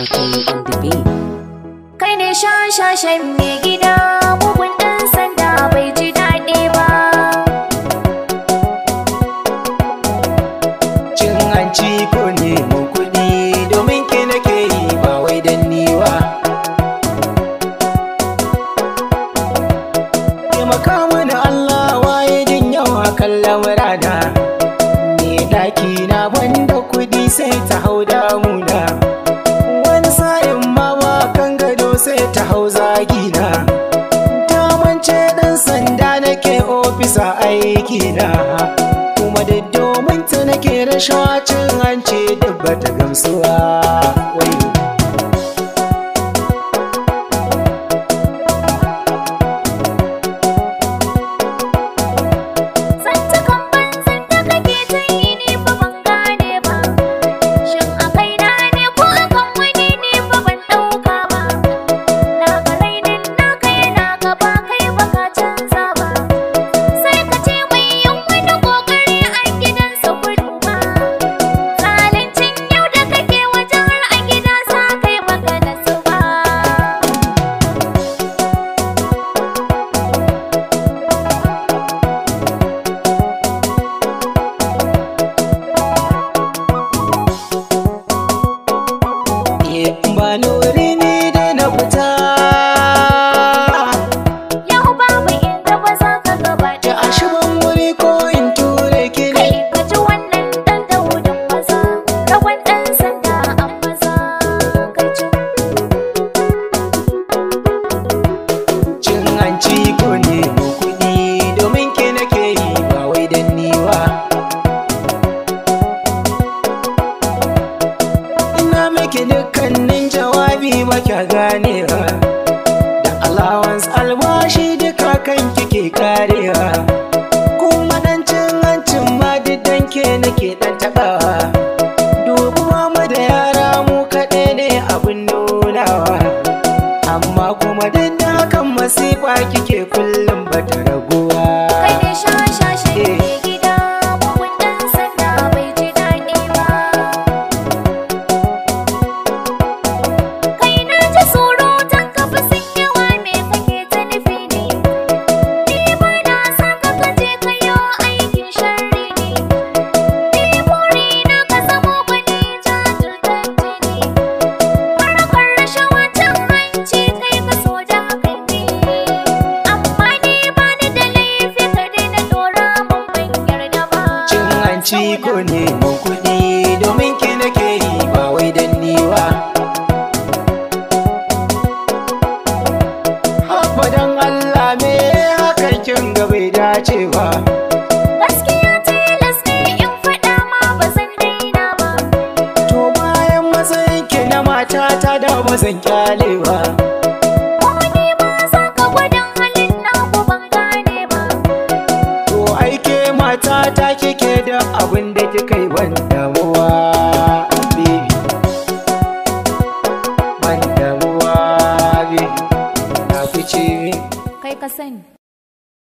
MK on the Kai ne shashashen mai gida, mugun ɗan sanda bai ji daɗi ba. Cin hanci ko neman kuɗi domin ke nake yi ba wai dan niwa. Taimaka mana Allah waye jin yawa kan lamurana. Me ɗaki na banda kuɗi sai ta hau damu. sa aiki na kuma da domin ta nake rashin cin hanci duk ta gamsuwa wai bani wuri ni dai na fita yau babu inda maza ka gaba da a shiban wuri ko in ture ki ne kai ka ji wannan dan da wurin maza rawan dan sanda a maza ka ji cin hanci ko ne kuɗi domin ke nake yi ba wai dan ni ba ina miki dukkan ba ganewa da allowance albashi duka kan kike karewa kuma dan cin hancin ma dan ke nake dan tabawa dubuwa mu da yara mu kaɗai ne abin nunawa amma kuma duk da hakan masifa kike kullum ci ko neman kuɗi domin ki nake yi ba wai dan niwa dan Allah me hakan kin ga bai dace ba gaskiya tilas ne in faɗa ma ba daina ba to bayan matsayin ki na mata ta da ba zan kyale ba mata ta kike kai ka sani